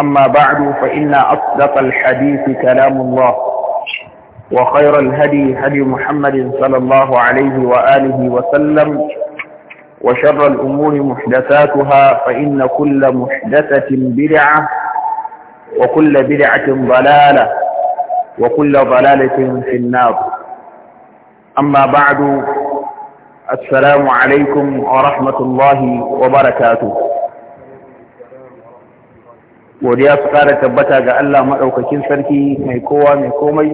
أما بعد فإن أصدق الحديث كلام الله وخير الهدي هدي محمد صلى الله عليه وآله وسلم وشر الأمور محدثاتها فإن كل محدثة بدعة وكل بدعة ضلالة وكل ضلالة في النار أما بعد السلام عليكم ورحمة الله وبركاته godiya su ƙara tabbata ga Allah maɗaukakin sarki mai kowa mai komai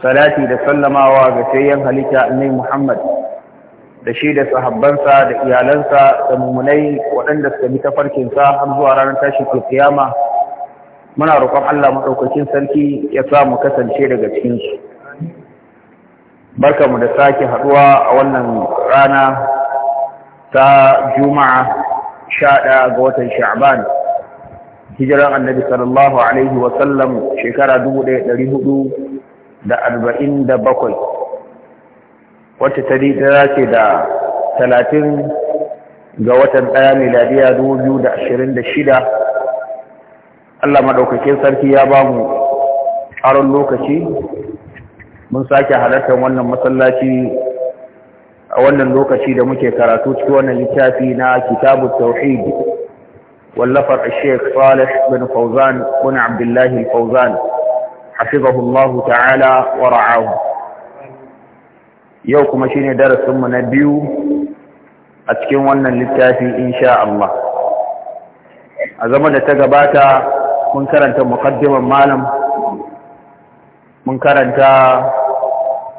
salati da sallamawa ga sayyan halitta annai Muhammad da shi da sahabbansa da iyalansa da mummunai waɗanda suka bi tafarkinsa har zuwa ranar ke kiyama muna roƙon Allah maɗaukakin sarki ya sa mu kasance daga cikinsu mu da sake haɗuwa a wannan rana ta juma'a sha ɗaya ga watan sha'ban hijiran annabi sallallahu alaihi wa sallam shekara 1447 wacce ta dita ce da 30 ga watan ɗaya miladiya 2026 Allah maɗaukakin sarki ya ba mu aron lokaci mun sake halartar wannan masallaci a wannan lokaci da muke karatu cikin wannan littafi na kitabu tauhid واللفر الشيخ صالح بن فوزان بن عبد الله الفوزان حفظه الله تعالى ورعاه يوكم شيني درس ثم نبيو أتكين وانا للتافي إن شاء الله أزمد تقباتا من كرنت مقدما مالم من كرنت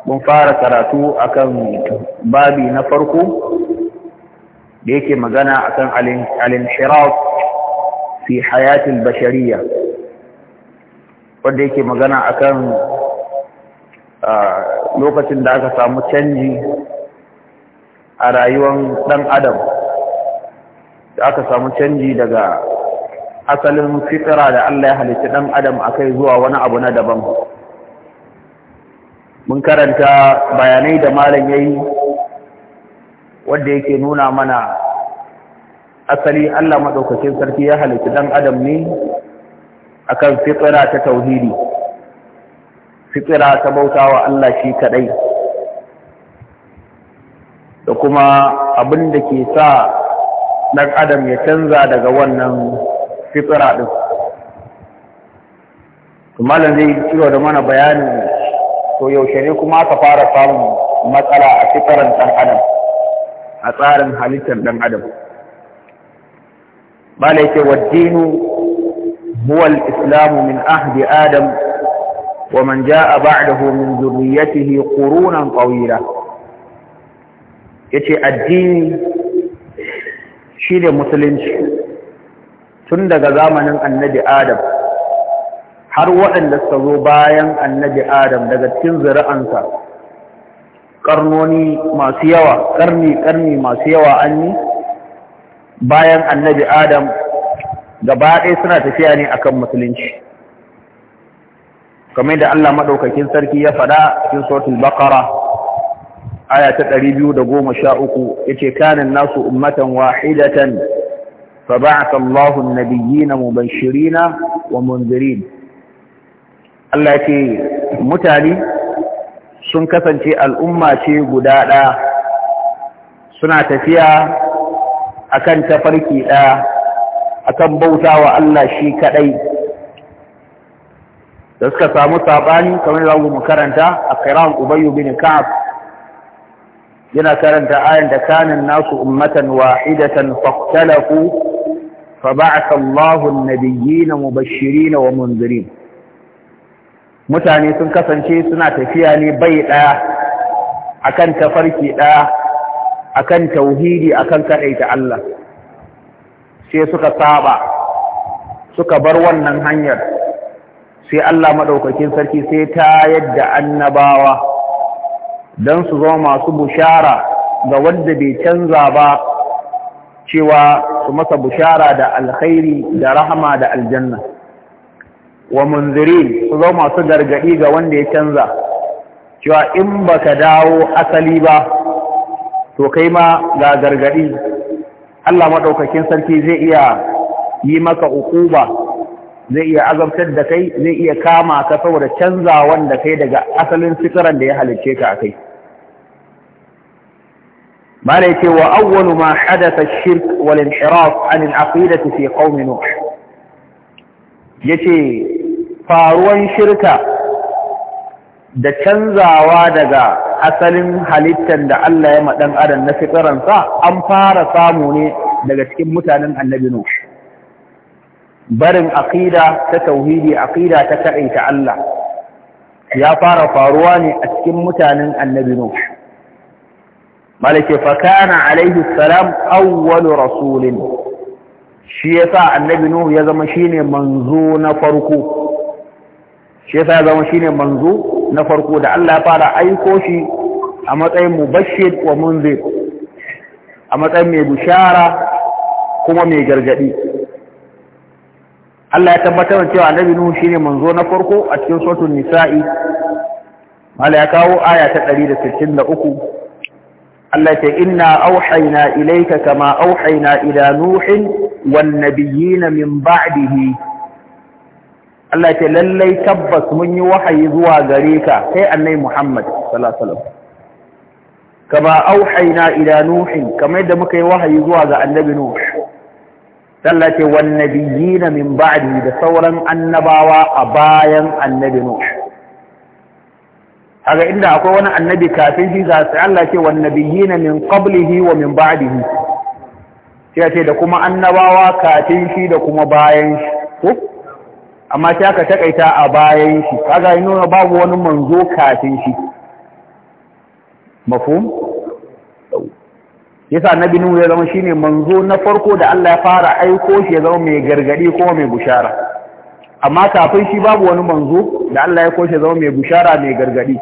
mun fara karatu akan babi na farko da yake magana akan al-inhiraf fi hayatin bashariya wanda yake magana akan lokacin da aka samu canji a rayuwar ɗan adam da aka samu canji daga asalin fitara da Allah ya halitta ɗan adam akai zuwa wani abu na daban mun karanta bayanai da malam yayi wanda yake nuna mana asali Allah maɗaukakin sarki ya halitta ɗan adam ne akan fitsira ta tauhidi fitsira ta bautawa Allah shi kaɗai da kuma abin da ke sa ɗan adam ya canza daga wannan fitsira ɗin malam zai ciro da mana bayanin to yaushe ne kuma aka fara samun matsala a fitaran ɗan adam a tsarin halittar ɗan adam bala yake waddinu huwa islamu min ahdi adam wa man jaa ba'dahu min zurriyyatihi qurunan qawila yace addini shine musulunci tun daga zamanin annabi adam har waɗanda suka zo bayan annabi adam daga cikin zuri'ansa karnoni masu yawa karni karni masu yawa an yi bayan annabi adam gaba ɗaya suna tafiya ne akan musulunci kamar da Allah maɗaukakin sarki ya faɗa cikin suratul baqara aya ta 213 yace kanin nasu ummatan wahidatan فبعث na النبيين مبشرين ومنذرين Allah ce mutane sun kasance al'umma ce guda ɗaya suna tafiya akan tafarki ɗaya akan bauta wa Allah shi kaɗai da suka samu saɓani kamar za mu karanta a kiran ubayyu bin ka'ab yana karanta ayan da kanin nasu ummatan wahidatan faqtalafu fa ba'atha Allahu an-nabiyyina mubashirin wa munzirin mutane sun kasance suna tafiya ne bai ɗaya akan tafarki ɗaya akan tauhidi akan kadaita Allah sai suka saba suka bar wannan hanyar sai Allah madaukakin sarki sai ta yadda annabawa dan su zo masu bushara ga wanda bai canza ba cewa su masa bushara da alkhairi da rahama da aljanna wa munziri su zo masu gargadi ga wanda ya canza cewa in baka dawo asali ba to kai ma ga gargadi Allah madaukakin sarki zai iya yi maka ukuba zai iya azabtar da kai zai iya kama ka saboda canzawan da kai daga asalin fitaran da ya halicce ka akai mala ce wa awwalu ma hadatha shirk wal inhiraf an al-aqidati fi qaum nuh yace faruwan shirka da canzawa daga asalin halittar da Allah ya maɗan adam na fitaransa an fara samu ne daga cikin mutanen annabi Nuh. Barin akida ta tauhidi akida ta ta'aita Allah ya fara faruwa ne a cikin mutanen annabi Nuh. Malake fakana alaihi salam awwalu rasulin shi yasa annabi Nuh ya zama shine manzo na farko. Shi yasa ya zama shine manzo na farko da Allah ya fara aiko shi a matsayin mubashir wa munzir a matsayin mai bishara kuma mai gargadi Allah ya tabbatar da cewa annabi Nuhu shine manzo na farko a cikin suratul nisa'i mala ya kawo aya ta 163 Allah ce inna auhayna ilayka kama auhayna ila nuhin wan nabiyyin min ba'dihi Allah ce lallai tabbas mun yi wahayi zuwa gare ka sai annai Muhammad sallallahu alaihi wasallam kama auhayna ila nuhin kamar yadda muka yi wahayi zuwa ga annabi nuh Allah ce wan nabiyina min ba'di da sauran annabawa a bayan annabi nuh haka inda akwai wani annabi kafin shi ga sai Allah ce wan nabiyina min qablihi wa min ba'dihi sai ce da kuma annabawa kafin shi da kuma bayan shi amma sai aka takaita a bayan shi kaga yi nuna babu wani manzo kafin shi Ya yasa na nuhu ya zama shine manzo na farko da Allah ya fara aiko shi ya zama mai gargadi ko mai bushara amma kafin shi babu wani manzo da Allah ya ko shi ya zama mai bushara mai gargadi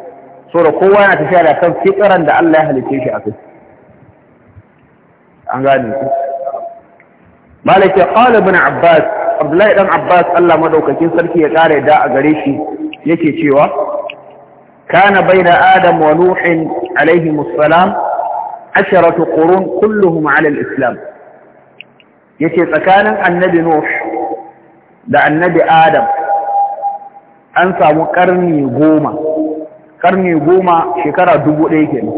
saboda kowa yana tafiya da kan fitran da Allah ya halice shi a kai an gane ku malaka qala ibn abbas Abdullahi ɗan Abbas Allah madaukakin sarki ya kare da a gare shi yake cewa kana da Adam wa Nuh alaihi assalam asharatu qurun kulluhum ala al-islam yace tsakanin annabi Nuh da annabi Adam an samu karni goma karni goma shekara dubu ɗaya kenan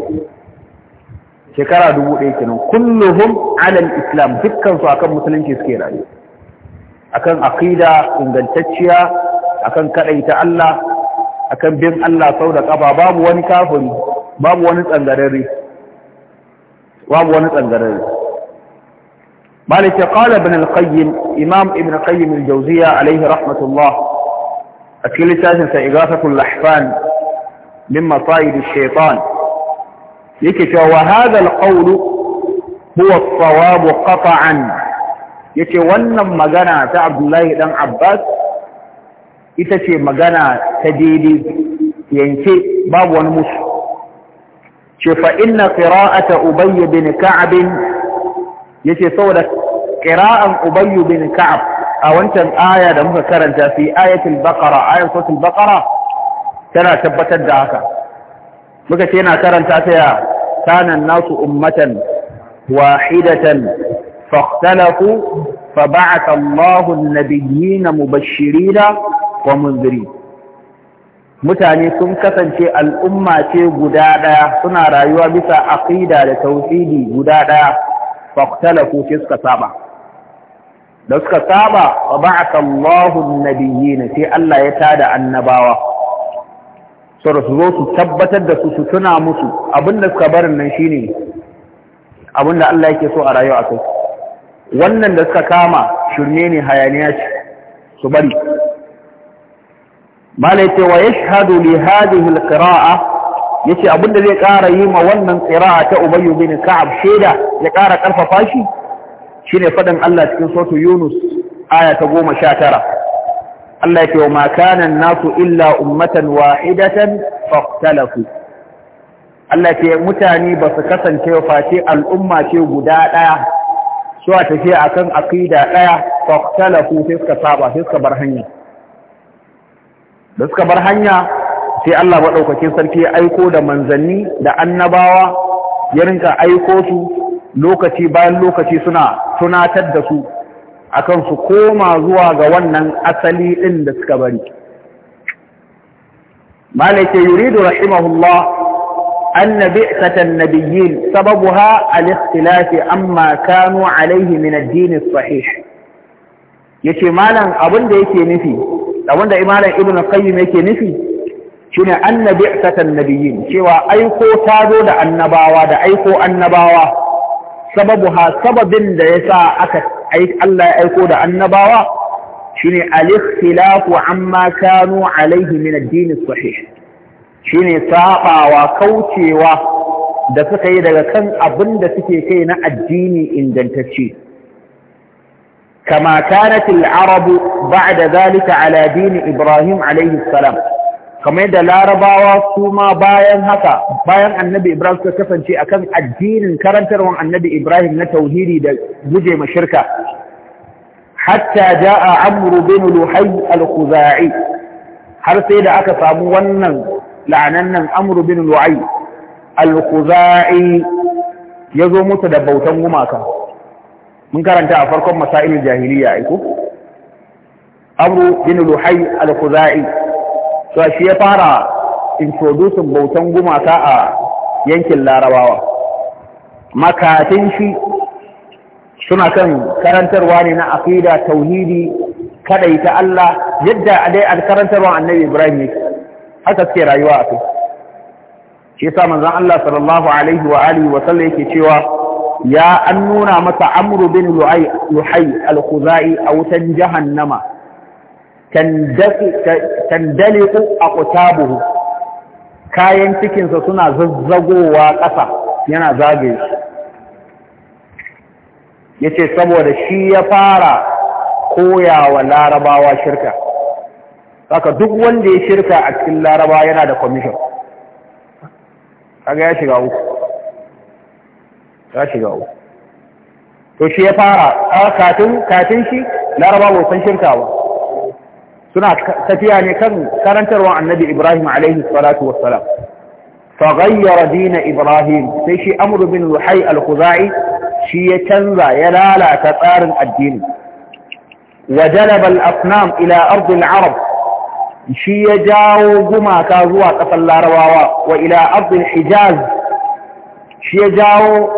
shekara dubu ɗaya kenan kulluhum alal islam dukkansu a kan musulunci suke rayu akan aqida ingantacciya akan kadaita Allah akan bin Allah sau da kafa babu wani kafiri babu wani tsangarare babu wani tsangarare malaka qala ibn al-qayyim imam ibn qayyim al-jawziya alayhi rahmatullah akili cikin sa igafatu al-ahfan min masayid ash-shaytan yake cewa wa hadha al-qawl huwa as-sawab qat'an yace wannan magana ta Abdullahi dan Abbas ita ce magana ta daidai yanke babu wani musu ce fa inna qira'ata ubay bin ka'ab yace saboda qira'an ubay bin ka'ab a wancan aya da muka karanta fi ayatul baqara ayatul baqara tana tabbatar da haka muka ce yana karanta ta ya kana nasu ummatan wahidatan فاختلفوا فبعث الله النبيين مبشرين ومنذرين mutane sun kasance al'umma ce guda ɗaya suna rayuwa bisa aqida da tauhidi guda ɗaya faktalaku ce suka saba da suka saba wa ba'ata Allahun nabiyyi sai Allah ya tada annabawa su zo su tabbatar da su su tuna musu abinda suka barin nan shine abinda Allah yake so a rayuwa a wannan da suka kama shirme ne hayaniya ce su bari malai ce wa yashhadu li hadhihi alqira'a abin abinda zai ƙara yi ma wannan tsiraa ta ubayyu bin ka'ab sheda ya kara karfafa shi shine faɗin Allah cikin suratul yunus aya ta tara. Allah yake wa makanan nasu illa ummatan wahidatan fahtalafu Allah ke mutane ba su kasance face al'umma ce guda ɗaya suwa tafiya akan ɗaya, daya faqtalahu sai suka saba sai suka bar hanya da suka bar hanya sai Allah maɗaukakin sarki ya aiko da manzanni da annabawa ya rinka aiko su lokaci bayan lokaci suna tunatar da su akan su koma zuwa ga wannan asali ɗin da suka bari malaka yuridu rahimahullah أن بئسة النبيين سببها الاختلاف أما كانوا عليه من الدين الصحيح yace malam abin yake nufi abin da imalan ibnu yake nufi shine anna bi'satan nabiyyin cewa aiko tazo da annabawa da aiko annabawa sababu ha sababin da yasa aka Allah ya aiko da annabawa shine al-ikhtilafu amma kanu alaihi min ad-din shine saɓawa kaucewa da suka yi daga kan abin da suke kai na addini ingantacce kama kanat al-arabu ba'da zalika ala dini ibrahim alayhi salam kamar da larabawa suma bayan haka bayan annabi ibrahim suka kasance akan addinin karantarwan annabi ibrahim na tauhidi da guje ma shirka hatta jaa amru bin luhay al-khuzai har sai da aka samu wannan la'anan nan amru bin lu'ai al-khuzai ya zo da bautan gumaka mun karanta a farkon masailul jahiliya aiko amru bin lu'ai al-khuzai to shi ya fara introducing bautan gumaka a yankin larabawa makatin shi suna kan karantarwa ne na aqida tauhidi kadaita Allah yadda dai alkarantarwa annabi Ibrahim yake haka suke rayuwa a kai shi yasa manzon Allah sallallahu alaihi wa alihi wa sallam yake cewa ya an nuna masa amru bin lu'ay luhay al-khuzai a wutan jahannama tandaliku aqtabuhu kayan cikinsa suna zazzagowa ƙasa yana Ya yace saboda shi ya fara koyawa larabawa shirka haka duk wanda ya shirka a cikin laraba yana da commission kaga ya shiga uku ya shiga uku to shi ya fara katin katin shi laraba bai san shirka ba suna tafiya ne kan karantarwar annabi ibrahim alaihi salatu wassalam faghayyara dina ibrahim sai shi amru bin ruhai al shi ya canza ya lalata tsarin addini wa jalaba asnam ila ardil arab shi ya jawo gumaka zuwa ƙasar larabawa wa ila abdul hijaz shi ya jawo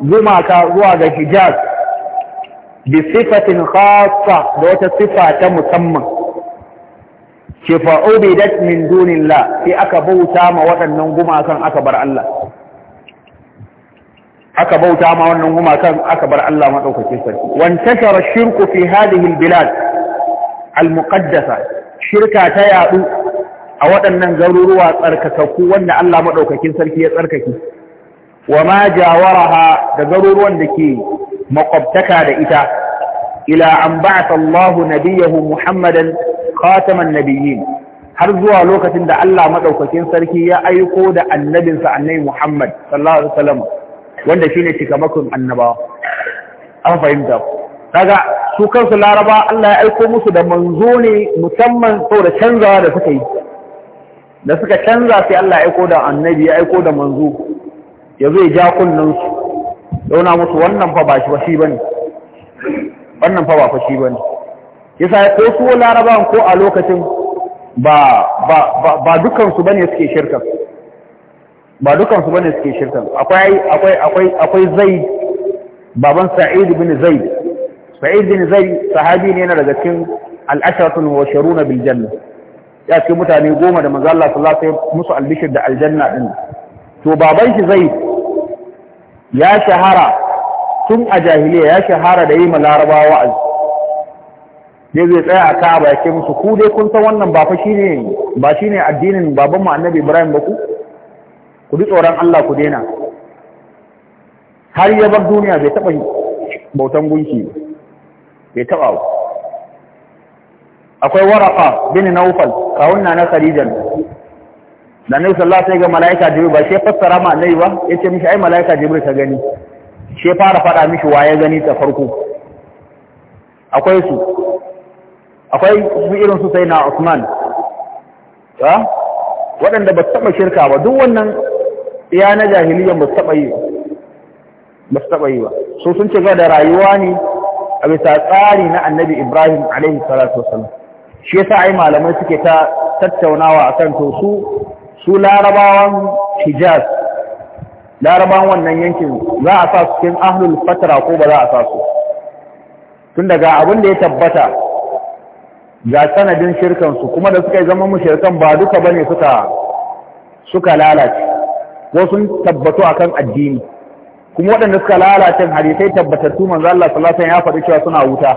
gumaka zuwa ga hijaz bi sifatin khassa da wata sifa ta musamman ke fa'ubidat min dunillah sai aka bauta ma waɗannan gumakan aka bar Allah aka bauta ma wannan gumakan aka bar Allah madaukakin sarki wantashara shirku fi hadhihi albilad almuqaddasa shirka ta yaɗu a waɗannan garuruwa tsarkakakku wanda Allah maɗaukakin sarki ya tsarkake wa ma jawaraha da garuruwan da ke makwabtaka da ita ila an ba'ata Allah nabiyahu Muhammadan khataman nabiyyin har zuwa lokacin da Allah maɗaukakin sarki ya aiko da annabinsa annabi Muhammad sallallahu alaihi wasallam wanda shine cikamakon annabawa an fahimta daga su kansu laraba Allah ya aiko musu da manzo ne musamman saboda canzawa da suka yi da suka canza sai Allah ya aiko da annabi ya aiko da manzo ya zo ya ja kullun su dauna musu wannan fa ba shi ba shi bane wannan fa ba fa shi bane yasa ko su laraba ko a lokacin ba ba ba dukan su bane suke shirka ba dukan su bane suke shirka akwai akwai akwai akwai zaid baban sa'id ibn zaid sa'id bin zai sahabi ne na daga cikin al'ashatul mubashiruna bil janna ya ce mutane goma da maza Allah sallallahu alaihi musu albishir da aljanna din to baban shi zai ya shahara tun a jahiliya ya shahara da yi ma larabawa wa'azi dai zai tsaya a Ka'aba ya ce musu ku dai kun san wannan ba shi shine ba addinin baban mu Annabi Ibrahim ba ku ku ji tsoron Allah ku daina har ya bar duniya bai taba bautan gunki ba bai taɓa ba akwai waraka bin naufal kawun na na khadijan da annabi sallallahu alaihi ga malaika jibril ba sai fassara ma annabi ba yace mishi ai malaika jibril ta gani sai fara fada mishi waye gani ta farko akwai su akwai su irin su sai na Usman ha waɗanda ba su taba shirka ba duk wannan iya na jahiliyyar ba su yi ba su so sun ce gaba da rayuwa ne a bisa tsari na annabi Ibrahim alaihi salatu wasallam shi yasa ai malamai suke ta tattaunawa akan to su su larabawan Hijaz larabawan wannan yankin za a sa su cikin ahlul fatra ko ba za a sa su tun daga abin da ya tabbata ga sanadin shirkan su kuma da suka yi zama mushirkan ba duka bane suka suka lalace ko sun tabbatu akan addini kuma waɗanda suka lalace hadisai tabbatattu manzo Allah sallallahu alaihi wasallam ya faɗi cewa suna wuta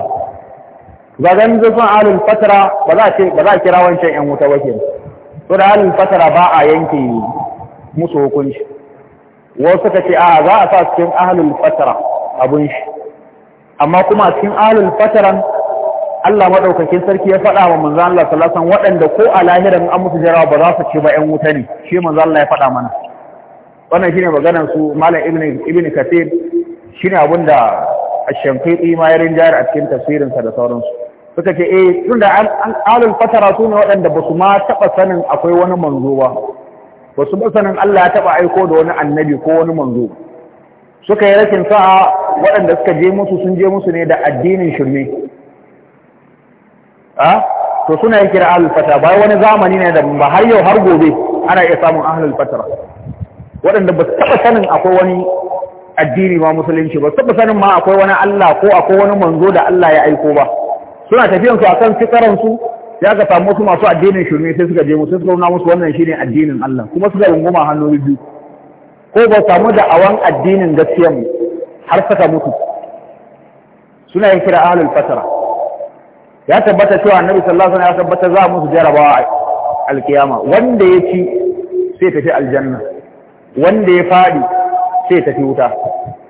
ga ganin sun alul fatara ba za ce ba za kira wancan yan wuta wake to da alul fatara ba a yanke musu hukunci wasu suka ce a za a sa cikin alul fatara abun shi amma kuma cikin alul fataran Allah madaukakin sarki ya faɗa wa manzo Allah sallallahu alaihi wasallam waɗanda ko a lahirin an musu jarawa ba za su ci ba yan wuta ne shi manzo Allah ya faɗa mana wannan shine maganar su malam ibn ibn kathir shine da ash-shafi'i ma ya rinjayar a cikin tafsirin sa da sauransu suka ce eh tunda an alul fatara su ne waɗanda ba su ma taba sanin akwai wani manzo ba ba su ba sanin Allah ya taba aiko da wani annabi ko wani manzo suka yi rashin sa'a waɗanda suka je musu sun je musu ne da addinin shirme a to suna yin kira ahlul fatara bai wani zamani ne da ba har yau har gobe ana iya samun ahlul fatara waɗanda ba su taɓa sanin akwai wani addini ma musulunci ba taɓa sanin ma akwai wani Allah ko akwai wani manzo da Allah ya aiko ba suna tafiyan su akan fitaran su ya ga samu wasu masu addinin shirme sai suka je musu suka nuna musu wannan shine addinin Allah kuma suka runguma hannu biyu ko ba samu da awan addinin gaskiyar mu har saka mutu suna yin kira ahlul fatara ya tabbata cewa annabi sallallahu alaihi wasallam ya tabbata za musu jarabawa alkiyama wanda ya ci sai tafi aljanna wanda ya faɗi sai tafi wuta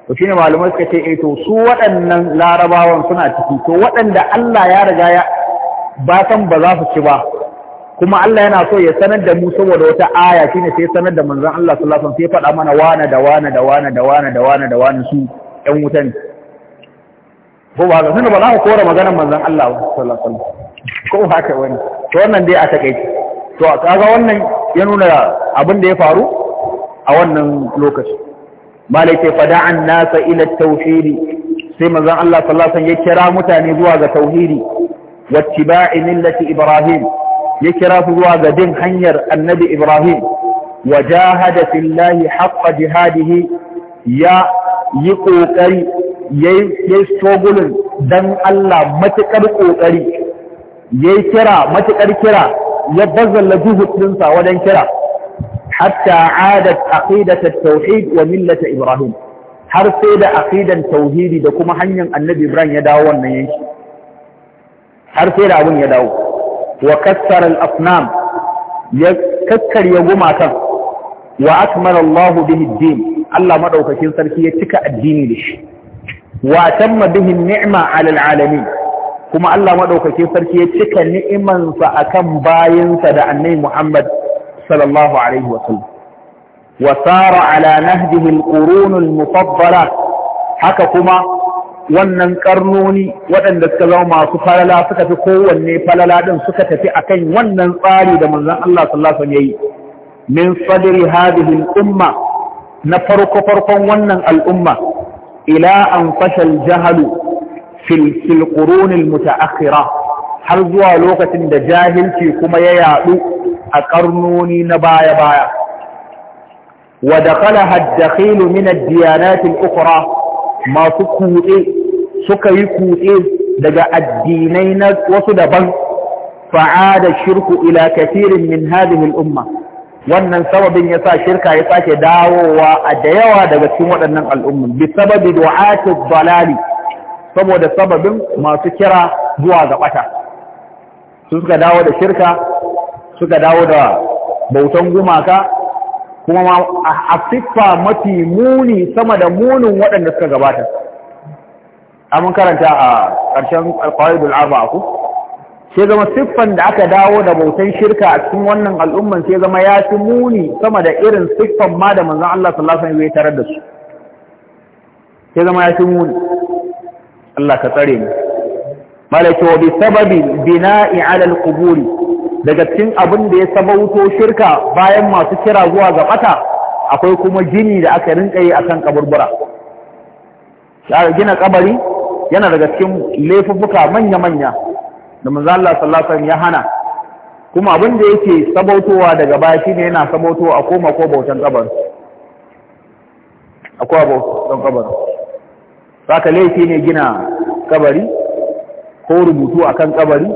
to shine malumai suka ce eh to su waɗannan larabawan suna ciki to waɗanda Allah ya riga ya ba san ba za su ci ba kuma Allah yana so ya sanar da mu saboda wata aya shine sai sanar da manzon Allah sallallahu alaihi wasallam sai faɗa mana wana da wana da wana da wana da wana da wana su ƴan wuta ne ko ba ga ba za ku kora maganar manzon Allah sallallahu alaihi wasallam ko haka wani to wannan dai a takeice to a kaga wannan ya nuna abin da ya faru a wannan lokaci malai ce fada an nasa ila tauhidi sai manzon Allah sallallahu alaihi wasallam ya kira mutane zuwa ga tauhidi wattiba'i millati ibrahim ya kira su zuwa ga din hanyar annabi ibrahim wa jahada fillahi haqqa jihadihi ya yi kokari yayi struggle dan Allah matukar kokari yayi kira matukar kira ya bazzala juhud dinsa wajen kira hatta adat aqidat tauhid wa millata ibrahim har sai da aqidan tauhidi da kuma hanyar annabi ibrahim ya dawo wannan yanki har sai da abun ya dawo wa kassara al-asnam ya kakkarya gumakan wa akmala Allah bihi din Allah madaukakin sarki ya cika addini da shi wa tamma bihi ni'ma 'ala al-alamin kuma Allah madaukakin sarki ya cika ni'imansa akan bayinsa da annabi Muhammad صلى الله عليه وسلم وسار على نهجه القرون المفضلة wannan karnoni waɗanda suka zama masu falala suka fi kowanne falala ɗin suka tafi akan wannan tsari da manzon Allah sallallahu alaihi wasallam yayi min sadri hadhihi al-umma na farko farkon wannan al'umma ila an fashal jahalu fil fil qurun al-mutaakhira har zuwa lokacin da jahilci kuma ya yadu a ƙarnoni na baya-baya wa dakala haddakhilu min ad-diyanat masu kuɗe suka yi kutse daga addinai na wasu daban fa'ada shirku ila kafirin min hadhihi umma wannan sababin ya sa shirka ya sake dawowa a da yawa daga cikin waɗannan al'ummin bi sababi du'ati balali. saboda sababin masu kira zuwa ga Su suka dawo da shirka suka dawo da bautan gumaka kuma a siffa mafi muni sama da munin waɗanda suka gabata amin karanta a ƙarshen alƙawaidul arba ku sai zama siffan da aka dawo da bautan shirka a cikin wannan al'umman sai zama ya fi muni sama da irin siffan ma da manzan Allah sallallahu alaihi wasallam ya tarar da su sai zama ya fi muni Allah ka tsare mu malaka wa bi sababi bina'i ala al daga cikin abin da ya sabauto shirka bayan masu kira zuwa ga bata akwai kuma gini da aka rinka yi akan kaburbura gina kabari yana daga cikin laifuffuka manya-manya da manzo Allah ya hana kuma abin da yake sabautowa daga baya shine yana sabauto a koma ko bautan kabari akwai bautan kabari saka laifi ne gina kabari ko rubutu akan kabari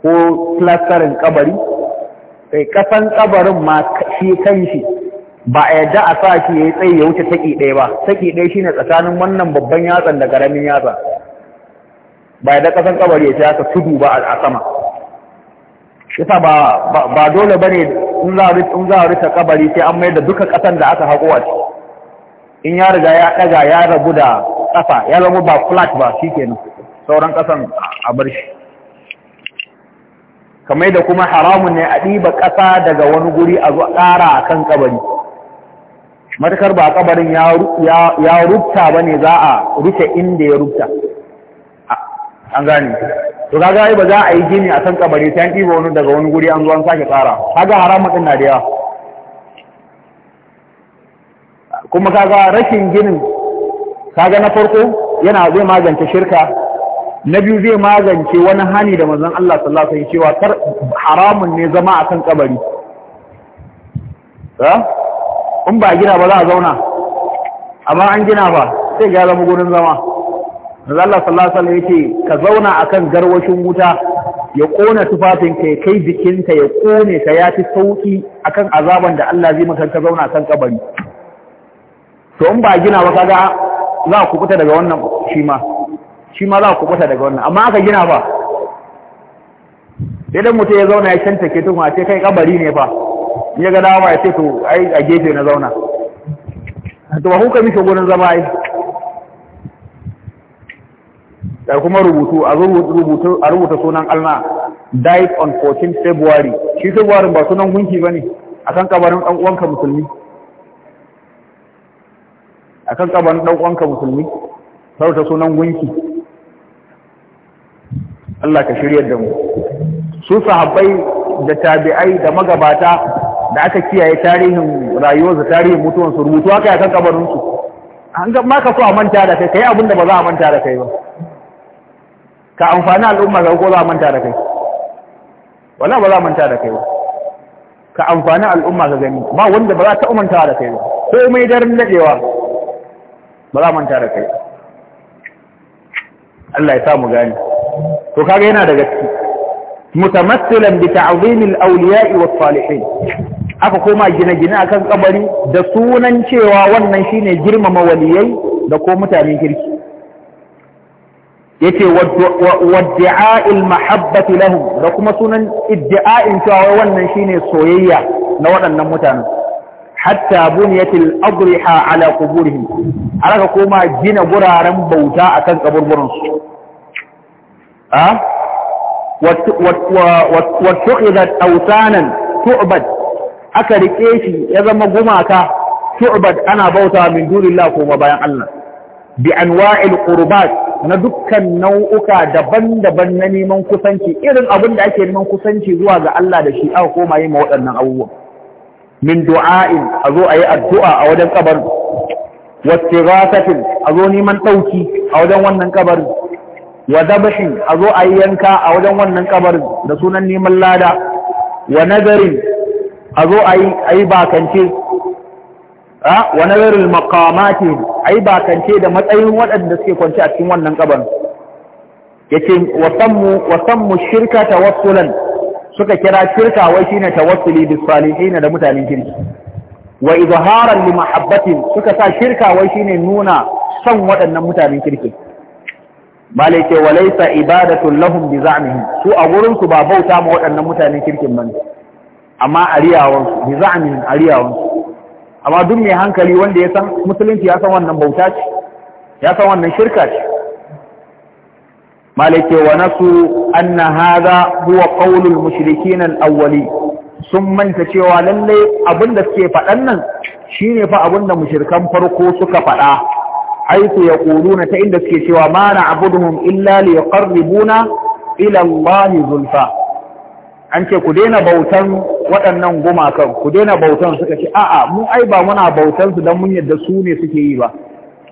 ko filastarin kabari sai kasan kabarin ma shi kanshi ba a yadda a sa shi yi tsaye ya wuce taki ɗaya ba taki ɗaya shi ne tsakanin wannan babban yatsan da ƙaramin yatsa ba yadda kasan kabari ya ce tudu ba a sama shi ta ba dole ba ne in za a rita kabari sai an mayar da duka kasan da aka haƙo a ciki in ya riga ya ɗaga ya rabu da ƙasa ya zama ba flat ba shi kenan sauran kasan a bar shi kamar da kuma haramun ne a ɗiba ƙasa daga wani guri a zo ƙara a kan kabari matakar ba kabarin ya rubta ba ne za a rufe inda ya rubta an gane to kaga ba za a yi gini a kan kabari sai an ɗiba wani daga wani guri an zo an sake tsara kaga haramun ɗin na da yawa kuma kaga rashin ginin kaga na farko yana zai magance shirka na biyu zai magance wani hani da manzon Allah sallallahu alaihi wasallam cewa haramun ne zama a kan kabari ha in ba gina ba za a zauna amma an gina ba sai ga zama gurin zama manzon Allah sallallahu alaihi sallam yace ka zauna akan garwashin wuta ya kona tufafin ya kai jikinka ya kone ka ya fi sauki akan azaban da Allah zai maka ka zauna kan kabari to in ba gina ba kaga za ku fita daga wannan shi ma shi ma za a kubuta daga wannan amma aka gina ba sai dan mutum ya zauna ya canta ke tun ce kai kabari ne fa ya ga dawa ya ce to ai a gefe na zauna to ba hukar mishi gurin zama ai da kuma rubutu a rubutu a rubuta sunan Alna, died on 14 February shi February ba sunan gunki bane akan kabarin dan uwanka musulmi akan kabarin dan uwanka musulmi sarauta sunan gunki Allah ka shirya da mu su sahabbai da tabi'ai da magabata da aka kiyaye tarihin su tarihin mutuwansu rubutu aka ya kan su an ga ma ka so a manta da kai kai abin da ba za a manta da kai ba ka amfani al'umma ka ko za a manta da kai wala ba za a manta da kai ba ka amfani al'umma ka gani ba wanda ba za ta manta da kai ba ko mai daren dadewa ba za a manta da kai Allah ya sa mu gani to kaga yana da ciki mutamassilan bi ta'zimil awliya'i was salihin aka koma gine-gine akan kabari da sunan cewa wannan shine girmama waliyai da ko mutanen kirki yace wadda'a'il mahabbati lahum da kuma sunan iddi'a'in cewa wannan shine soyayya na waɗannan mutanen hatta buniyatil adriha ala quburihim alaka koma gina guraren bauta akan kaburburan a wattu'idat autanan tu'ubat aka rike shi ya zama gumaka Tu'ubat ana bauta min dunillah kuma bayan Allah bi anwa'il kurbat na dukkan nau'uka daban-daban na neman kusanci irin abin da ake neman kusanci zuwa ga Allah da shi aka koma yi ma waɗannan abubuwa min du'a'in a zo a yi addu'a a wajen kabarin wasu a zo neman ɗauki a wajen wannan kabarin wa zabahin a zo a yi yanka a wajen wannan kabarin da sunan neman lada wa nazarin a zo a yi bakance wa nazarin makamati a yi bakance da matsayin waɗanda suke kwanci a cikin wannan kabarin ya ce wasanmu shirka tawassulan suka kira shirka wai shine tawassuli bis salihin da mutanen kirki wa izharan li mahabbatin suka sa shirka wai shine nuna son waɗannan mutanen kirki malai ce walaisa ibadatun lahum bi za'mihim su a gurin su ba bauta ma waɗannan mutanen kirkin bane amma ariyawan bi za'mihim ariyawan amma duk mai hankali wanda ya san musulunci ya san wannan bauta ce ya san wannan shirka ce malai wa nasu anna hadha huwa qawlul mushrikin al-awwali sun manta cewa lalle abinda suke faɗan nan shine fa abinda mushrikan farko suka faɗa haiku ya na ta inda suke cewa ma na abuduhum illa buna, yuqarribuna ba ni zulfa an ce ku daina bautan waɗannan gumakan ku daina bautan suka ce a'a mu ai ba muna bautan su mun yadda su ne suke yi ba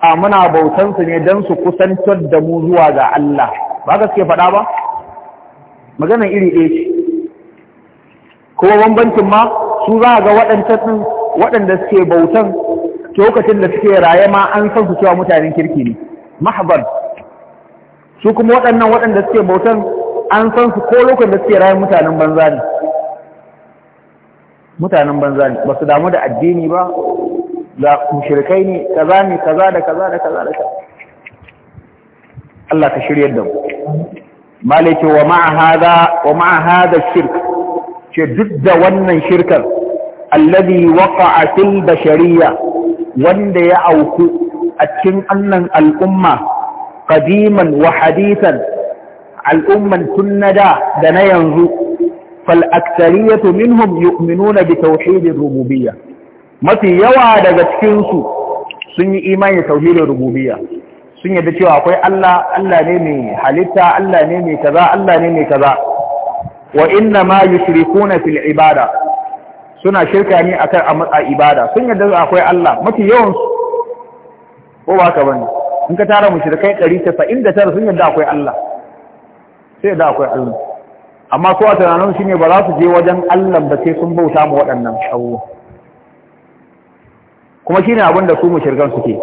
a muna bautan su ne don su kusantar da mu zuwa ga Allah ba ka suke faɗa ba maganar iri ɗaya ce kuma bambancin ma su za ga waɗanda suke bautan lokacin da suke raye ma an san su cewa mutanen kirki ne mahbar su kuma waɗannan waɗanda suke bautan an san su ko lokacin da suke raye mutanen banza ne mutanen banza ne ba su damu da addini ba da mushrikai ne kaza ne kaza da kaza da kaza da kaza Allah ka shirya da mu malaki wa ma'a hada wa ma'a hada shirk ce duk da wannan shirkar alladhi waqa'a fil bashariyya wanda ya auku a cikin annan al'umma ƙadiman wa hadithan al'umman tun na da da na yanzu fal'aktariyatu minhum yu'minuna bi tauhidin rububiyya mafi yawa daga cikinsu sun yi imani tauhidin rububiyya sun yadda cewa akwai Allah Allah ne mai halitta Allah ne mai kaza Allah ne mai kaza wa inna ma yushrikuna fil ibada suna shirka ne akan a ibada sun yadda akwai Allah mafi yawan su ko ba ka bane in ka tara da tara sun yadda akwai Allah sai da akwai Allah amma ko a tunanin ne ba za su je wajen Allah ba sai sun bauta mu waɗannan shawo kuma ne abin da su mushrikan suke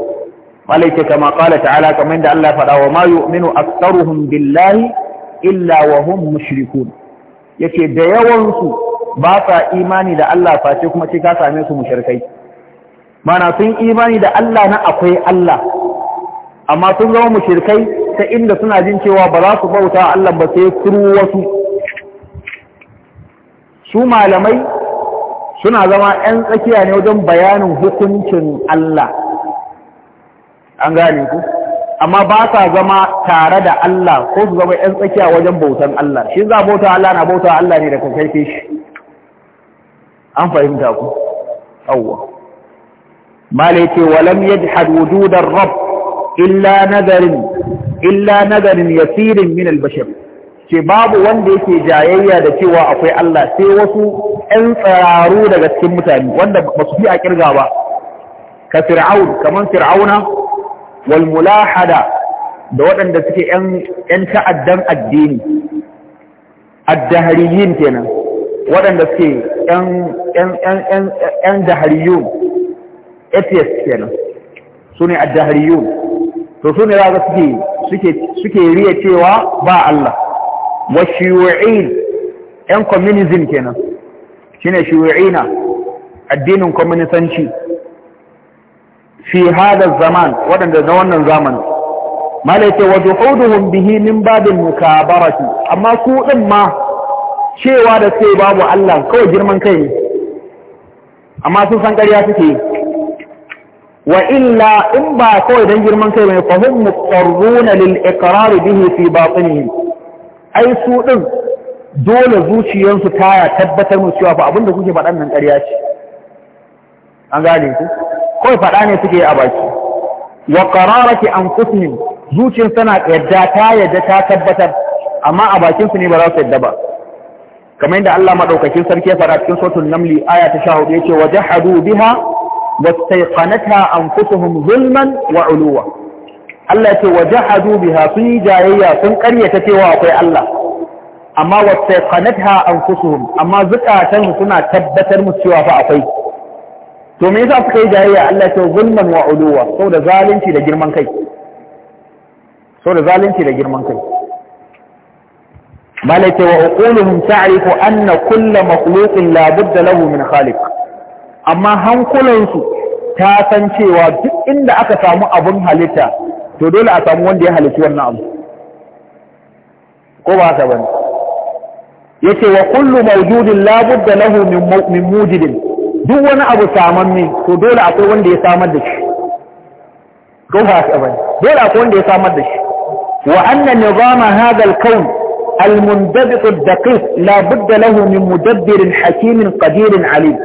malaike kama ta ta'ala kamar da Allah faɗa wa ma yu'minu aktsaruhum billahi illa wa hum mushrikun yake da yawan su ba sa imani da Allah face kuma sai ka same su mushrikai mana sun imani da Allah na akwai Allah amma sun zama mushrikai ta inda suna jin cewa ba za su bauta Allah ba sai kuru wasu su malamai suna zama ‘yan tsakiya ne wajen bayanin hukuncin Allah an gane ku amma ba sa zama tare da Allah ko su zama ‘yan tsakiya wajen bautan Allah shi za bauta Allah na bauta Allah ne da kankan shi an fahimta ku awwa mala ce walam yajhad wujud rabb illa nadarin illa nadarin yasirin min albashar. ce babu wanda yake jayayya da cewa akwai Allah sai wasu ɗan tsararu daga cikin mutane wanda ba su fi a kirga ba ka fir'aun kaman fir'auna wal mulahada da waɗanda suke ‘yan ta'addan addini, addahariyin kenan, waɗanda suke ‘yan dahariyun atheist kenan su ne a dahariyun to su ne za suke riya cewa ba Allah wa shiwa'in ‘yan communism kenan shi ne shiwa'ina addinin communisanci fi hada zaman waɗanda na wannan zamani malaita wa duhuduhun bihi min babin mukabarati amma su ɗin ma cewa da sai babu Allah kawai girman kai ne amma sun san ƙarya suke wa illa in ba kawai don girman kai mai fahim muqarruna lil iqrar bihi fi batinihi ai su din dole zuciyarsu ta tabbatar mu cewa fa abinda kuke faɗan nan ƙarya ce an gane ku kawai faɗa ne suke a baki wa an anfusihim zuciyar tana yadda ta yadda ta tabbatar amma a bakin su ne ba za su yadda ba kamar yadda Allah madaukakin sarki ya fara cikin suratul naml aya ta 14 yace wajahadu biha wastayqanatha anfusuhum zulman wa uluwa Allah yace wajahadu biha sun jayayya sun karyata cewa akwai Allah amma wastayqanatha anfusuhum amma zukatan suna tabbatar musu cewa fa akwai to me yasa suka yi jayayya Allah yace zulman wa uluwa saboda zalunci da girman kai saboda zalunci da girman kai malaka wa uquluhum ta'rifu anna kullu makhluqin la budda lahu min khaliq amma hankulansu ta san cewa duk inda aka samu abun halitta to dole a samu wanda ya halitta wannan abu ko ba wa kullu mawjudin la budda lahu min mujidin duk wani abu samanne to dole akwai wanda ya samar da shi ko ba haka bane dole akwai wanda ya samar da shi wa anna nizama hadha al-kawn المنضبط الدقيق لا بد له من مدبر حكيم قدير عليم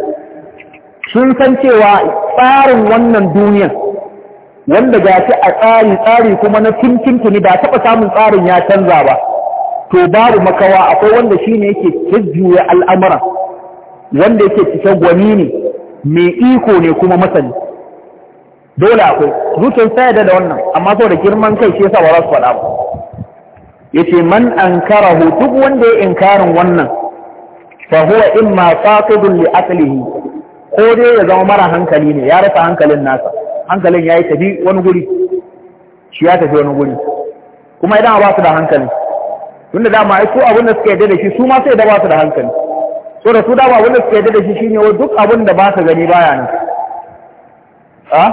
sun san cewa tsarin wannan duniyar wanda ga shi a tsari tsari kuma na tintintini ba taɓa samun tsarin ya canza ba to babu makawa akwai wanda shi ne yake jujjuya al'amura wanda yake cikin gwani ne mai iko ne kuma masani dole akwai zuciyar sayar da wannan amma sau da girman kai shi yasa ba za su faɗa ba yace man ankarahu duk wanda ya inkarin wannan fa huwa imma faqidun li aqlihi ko dai ya zama mara hankali ne ya rasa hankalin nasa hankalin yayi tafi wani guri shi ya tafi wani guri kuma idan ba su da hankali tunda dama ai su abin da suka yadda da shi su ma sai da ba su da hankali so da su dama abin da suka yadda da shi shine wa duk abin da ba ka gani baya nan a ah?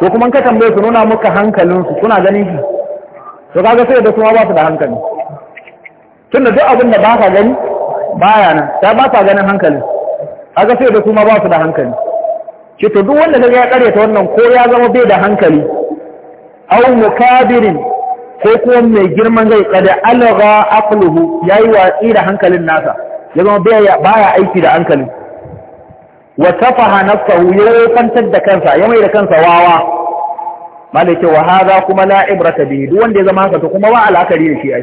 to kuma ka tambaye su nuna hankalin su, suna ganin shi to kaga sai da kuma ba su da hankali tunda duk abin da ba ka gani baya nan ta ba ka ganin hankalin kaga sai da kuma ba su da hankali ce to duk wanda daga ya ta wannan ko ya zama bai da hankali aw mukabirin ko kuma mai girman zai kada algha aqluhu yayi watsi da hankalin nasa ya zama baya aiki da hankalin wa tafaha nafsahu ya kwantar da kansa ya mai da kansa wawa malai ce wa haza kuma la ibrata bihi duk wanda ya zama haka to kuma ba al'akari da shi ai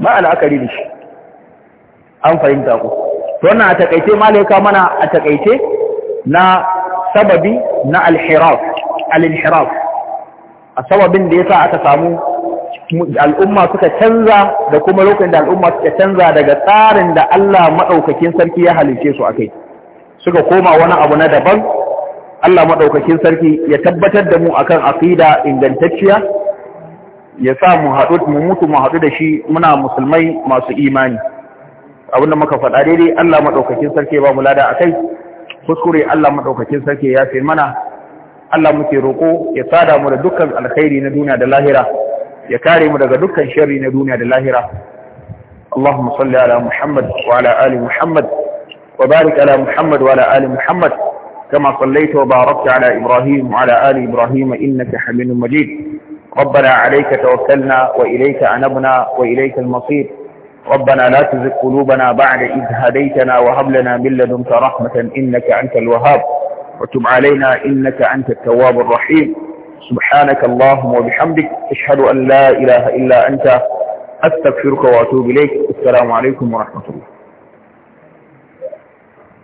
ba al'akari da shi an fahimta ku to wannan a takaice malai ka mana a takaice na sababi na al-hiraf al hiraf a sababin da yasa aka samu al'umma suka canza da kuma lokacin da al'umma suka canza daga tsarin da Allah madaukakin sarki ya halice su akai suka koma wani abu na daban Allah maɗaukakin sarki ya tabbatar da mu akan aqida ingantacciya ya sa mu haɗu mu mutu mu haɗu da shi muna musulmai masu imani abinda muka faɗa daidai Allah maɗaukakin sarki ba mu lada kai. kuskure Allah maɗaukakin sarki ya fi mana Allah muke roƙo ya sada mu da dukkan alkhairi na duniya da lahira ya kare mu daga dukkan sharri na duniya da lahira اللهم صل على محمد وعلى آل محمد وبارك على محمد وعلى آل محمد كما صليت وباركت على إبراهيم وعلى آل إبراهيم إنك حميد مجيد ربنا عليك توكلنا وإليك أنبنا وإليك المصير ربنا لا تزغ قلوبنا بعد إذ هديتنا وهب لنا من لدنك رحمة إنك أنت الوهاب وتب علينا إنك أنت التواب الرحيم سبحانك اللهم وبحمدك أشهد أن لا إله إلا أنت أستغفرك وأتوب إليك السلام عليكم ورحمة الله